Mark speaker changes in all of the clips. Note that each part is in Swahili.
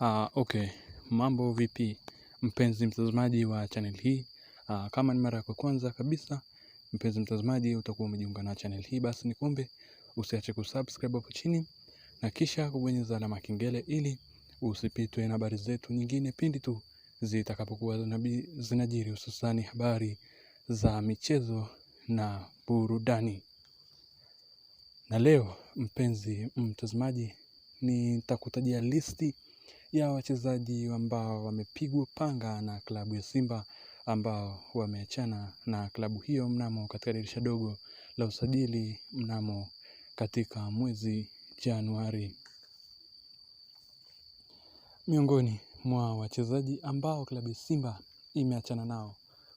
Speaker 1: Uh, okay, mambo vipi mpenzi mtazamaji wa channel hii. Uh, kama ni mara yako kwanza kabisa mpenzi mtazamaji utakuwa umejiunga na channel hii, basi nikuombe usiache kusubscribe hapo chini na kisha kubonyeza alama kengele ili usipitwe na habari zetu nyingine pindi tu zitakapokuwa zinajiri, hususani habari za michezo na burudani. Na leo mpenzi mtazamaji, nitakutajia listi ya wachezaji ambao wamepigwa panga na klabu ya Simba ambao wameachana na klabu hiyo mnamo katika dirisha dogo la usajili mnamo katika mwezi Januari. Miongoni mwa wachezaji ambao klabu ya Simba imeachana nao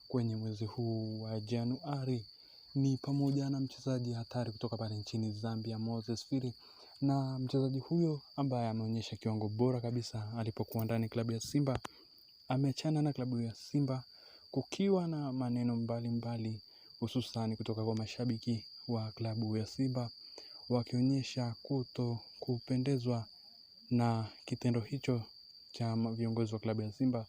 Speaker 1: kwenye mwezi huu wa Januari ni pamoja na mchezaji hatari kutoka pale nchini Zambia Moses Firi na mchezaji huyo ambaye ameonyesha kiwango bora kabisa alipokuwa ndani klabu ya Simba ameachana na klabu ya Simba kukiwa na maneno mbalimbali hususani kutoka kwa mashabiki wa klabu ya Simba wakionyesha kuto kupendezwa na kitendo hicho cha viongozi wa klabu ya Simba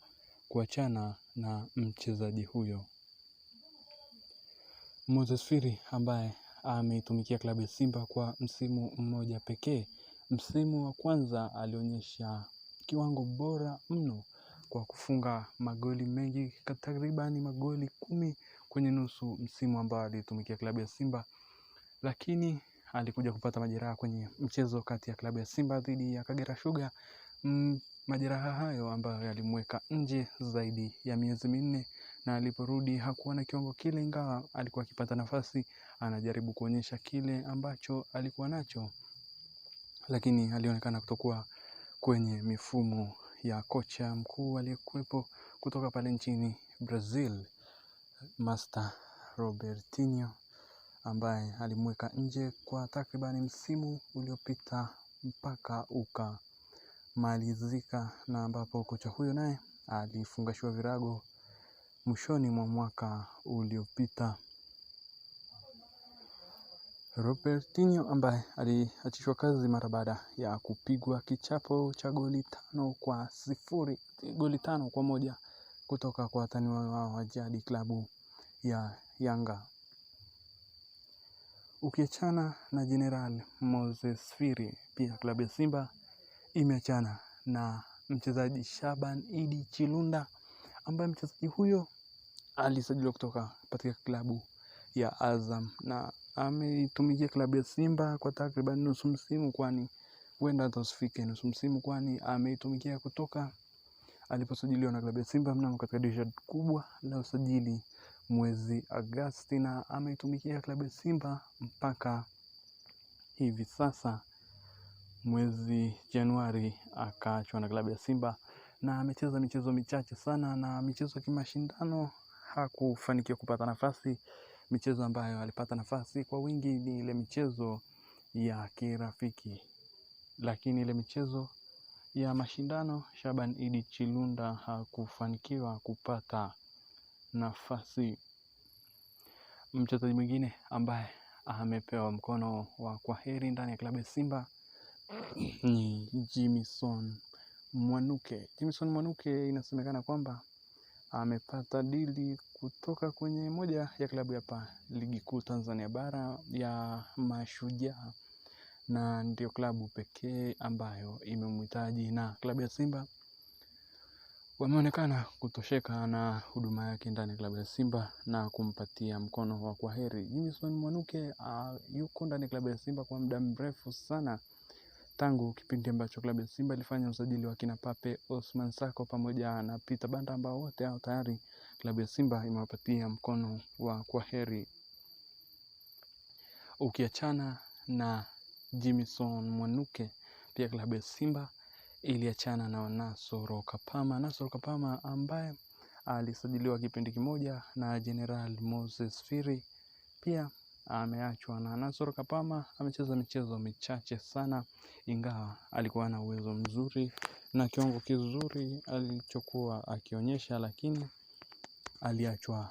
Speaker 1: kuachana na mchezaji huyo. Moses Firi ambaye ameitumikia klabu ya Simba kwa msimu mmoja pekee. Msimu wa kwanza alionyesha kiwango bora mno kwa kufunga magoli mengi, takribani magoli kumi kwenye nusu msimu ambao alitumikia klabu ya Simba, lakini alikuja kupata majeraha kwenye mchezo kati ya klabu ya Simba dhidi ya Kagera Sugar. Majeraha hayo ambayo yalimweka nje zaidi ya miezi minne na aliporudi hakuwa na kiwango kile, ingawa alikuwa akipata nafasi anajaribu kuonyesha kile ambacho alikuwa nacho, lakini alionekana kutokuwa kwenye mifumo ya kocha mkuu aliyekuwepo kutoka pale nchini Brazil, Master Robertinho ambaye alimweka nje kwa takribani msimu uliopita mpaka ukamalizika, na ambapo kocha huyo naye alifungashiwa virago Mwishoni mwa mwaka uliopita, Robertinho ambaye aliachishwa kazi mara baada ya kupigwa kichapo cha goli tano kwa sifuri, goli tano kwa moja kutoka kwa watani wao wa jadi klabu ya Yanga. Ukiachana na General Moses Firi, pia klabu ya Simba imeachana na mchezaji Shaban Idi Chilunda ambaye mchezaji huyo alisajiliwa kutoka katika klabu ya Azam na ameitumikia klabu ya Simba kwa takriban nusu msimu, kwani huenda hata nusu msimu, kwani ameitumikia kutoka aliposajiliwa na klabu ya Simba mnamo katika dirisha kubwa la usajili mwezi Agosti, na ameitumikia klabu ya Simba mpaka hivi sasa mwezi Januari akaachwa na klabu ya Simba na amecheza michezo michache sana na michezo ya kimashindano hakufanikiwa kupata nafasi. Michezo ambayo alipata nafasi kwa wingi ni ile michezo ya kirafiki, lakini ile michezo ya mashindano Shaban Idi Chilunda hakufanikiwa kupata nafasi. Mchezaji mwingine ambaye amepewa mkono wa kwaheri ndani ya klabu ya Simba ni Jimison Mwanuke. Jimison Mwanuke inasemekana kwamba amepata dili kutoka kwenye moja ya klabu ya pa ligi kuu Tanzania bara ya Mashujaa, na ndio klabu pekee ambayo imemhitaji, na klabu ya Simba wameonekana kutosheka na huduma yake ndani ya klabu ya Simba na kumpatia mkono wa kwaheri. Jimson Mwanuke uh, yuko ndani ya klabu ya Simba kwa muda mrefu sana tangu kipindi ambacho klabu ya Simba ilifanya usajili wa kina Pape, Osman Sako pamoja na Peter Banda ambao wote hao tayari klabu ya Simba imewapatia mkono wa kwaheri. Ukiachana na Jimison Mwanuke, pia klabu ya Simba iliachana na Nasoro Kapama. Nasoro Kapama ambaye alisajiliwa kipindi kimoja na General Moses Firi pia ameachwa na Nasoro Kapama. Amecheza michezo michache sana, ingawa alikuwa na uwezo mzuri na kiwango kizuri alichokuwa akionyesha, lakini aliachwa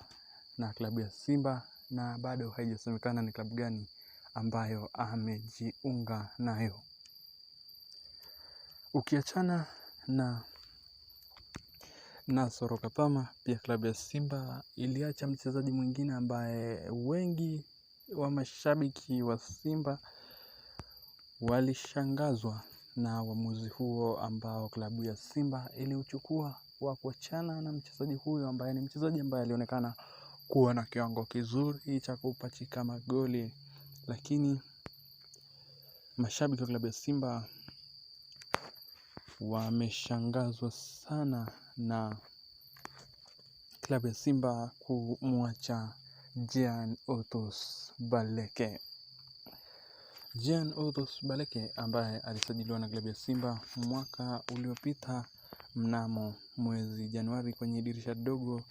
Speaker 1: na klabu ya Simba na bado haijasemekana ni klabu gani ambayo amejiunga nayo. Ukiachana na Nasoro Kapama, pia klabu ya Simba iliacha mchezaji mwingine ambaye wengi wa mashabiki wa Simba walishangazwa na uamuzi huo ambao klabu ya Simba iliuchukua wa kuachana na mchezaji huyo ambaye ni mchezaji ambaye alionekana kuwa na kiwango kizuri cha kupachika magoli, lakini mashabiki wa klabu ya Simba wameshangazwa sana na klabu ya Simba kumwacha Jean Otos Baleke. Jean Otos Baleke ambaye alisajiliwa na klabu ya Simba mwaka uliopita mnamo mwezi Januari kwenye dirisha dogo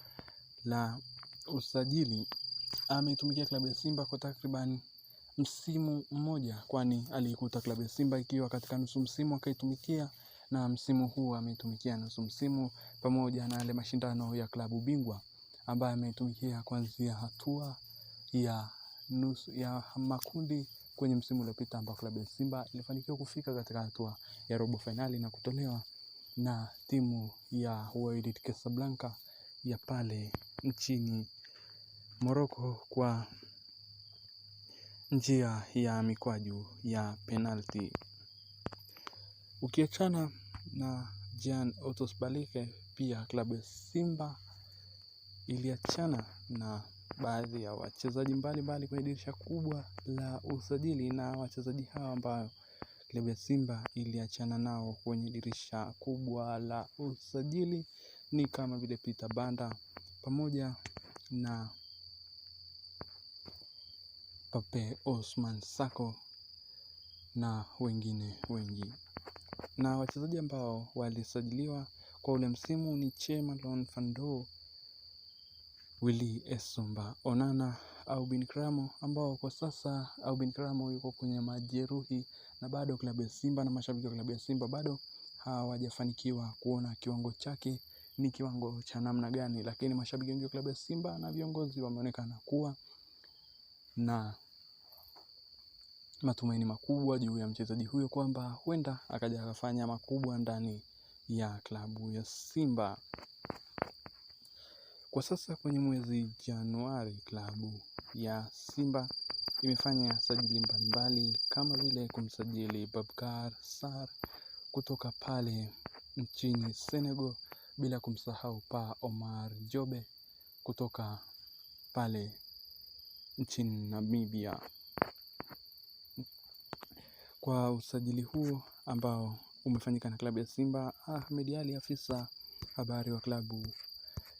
Speaker 1: la usajili, ameitumikia klabu ya Simba kwa takriban msimu mmoja, kwani aliikuta klabu ya Simba ikiwa katika nusu msimu akaitumikia na msimu huu ameitumikia nusu msimu pamoja na yale mashindano ya klabu bingwa ambaye ametumikia kuanzia hatua ya nusu ya makundi kwenye msimu uliopita ambao klabu ya Simba ilifanikiwa kufika katika hatua ya robo fainali na kutolewa na timu ya Wydad Casablanca ya pale nchini Morocco kwa njia ya mikwaju ya penalti. Ukiachana na Jean Otos Balike, pia klabu ya Simba iliachana na baadhi ya wachezaji mbalimbali kwenye dirisha kubwa la usajili na wachezaji hao ambao klabu ya Simba iliachana nao kwenye dirisha kubwa la usajili ni kama vile Peter Banda pamoja na Pape Osman Sako na wengine wengi. Na wachezaji ambao walisajiliwa kwa ule msimu ni Chema Fando Willy Esumba Onana Bin Kramo, ambao kwa sasa Bin Kramo yuko kwenye majeruhi na bado klabu ya Simba na mashabiki wa klabu ya Simba bado hawajafanikiwa kuona kiwango chake ni kiwango cha namna gani, lakini mashabiki wengi wa klabu ya Simba na viongozi wameonekana kuwa na matumaini makubwa juu ya mchezaji huyo kwamba huenda akaja akafanya makubwa ndani ya klabu ya Simba. Kwa sasa kwenye mwezi Januari, klabu ya Simba imefanya sajili mbalimbali kama vile kumsajili babkar Sar kutoka pale nchini Senegal, bila kumsahau Pa Omar Jobe kutoka pale nchini Namibia. Kwa usajili huo ambao umefanyika na klabu ya Simba, Ahmed ali afisa habari wa klabu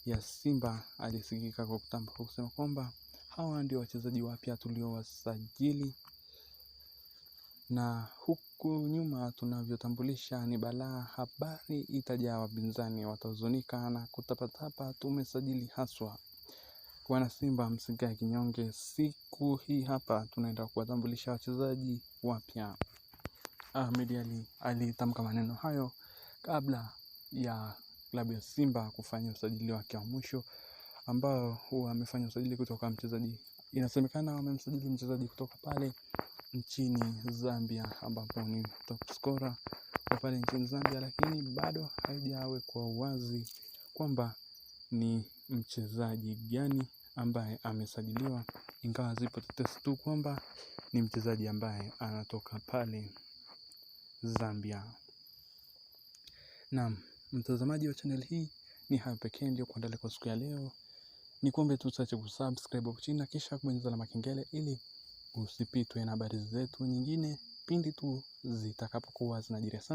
Speaker 1: ya Simba alisikika kwa kutamka kusema kwamba hawa ndio wachezaji wapya tuliowasajili, na huku nyuma tunavyotambulisha ni balaa, habari itajaa, wapinzani watahuzunika na kutapatapa, tumesajili haswa. Wana Simba, msikae kinyonge. Siku hii hapa tunaenda kuwatambulisha wachezaji wapya. Ahmed Ally alitamka maneno hayo kabla ya klabu ya Simba kufanya usajili wake wa mwisho ambao huwa amefanya usajili kutoka mchezaji, inasemekana wamemsajili mchezaji kutoka pale nchini Zambia, ambapo ni top scorer kwa pale nchini Zambia, lakini bado kwa uwazi kwamba ni mchezaji gani ambaye amesajiliwa, ingawa zipo tetesi tu kwamba ni mchezaji ambaye anatoka pale Zambia. Naam mtazamaji wa channel hii, ni haya pekee ndio kwa siku ya leo. Ni kuombe tu usiache kusubscribe hapo chini na kisha kubonyeza alama kengele ili usipitwe na habari zetu nyingine pindi tu zitakapokuwa zinajiri. Asante.